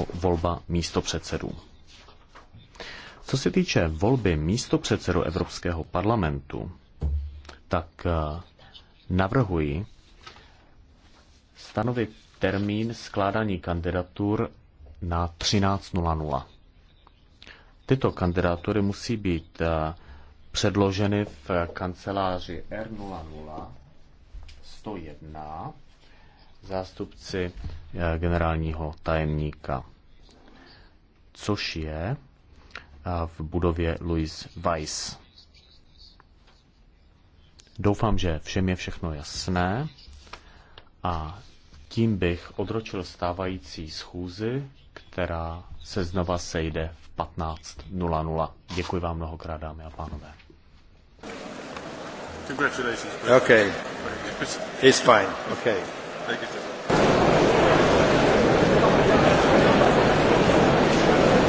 jako volba místopředsedů. Co se týče volby místopředsedu Evropského parlamentu, tak eh, navrhuji stanovit termín skládání kandidatur na 13.00. Tyto kandidatury musí být eh, předloženy v kanceláři R00 101 zástupci eh, generálního tajemníka, což je eh, v budově Louis Weiss. Doufám, že všem je všechno jasné a tím bych odročil stávající schůzi, která se znova sejde v 15.00. Děkuji vám mnohokrát, dámy a pánové. Congratulations. Okay. It's fine. Okay. Thank you so much.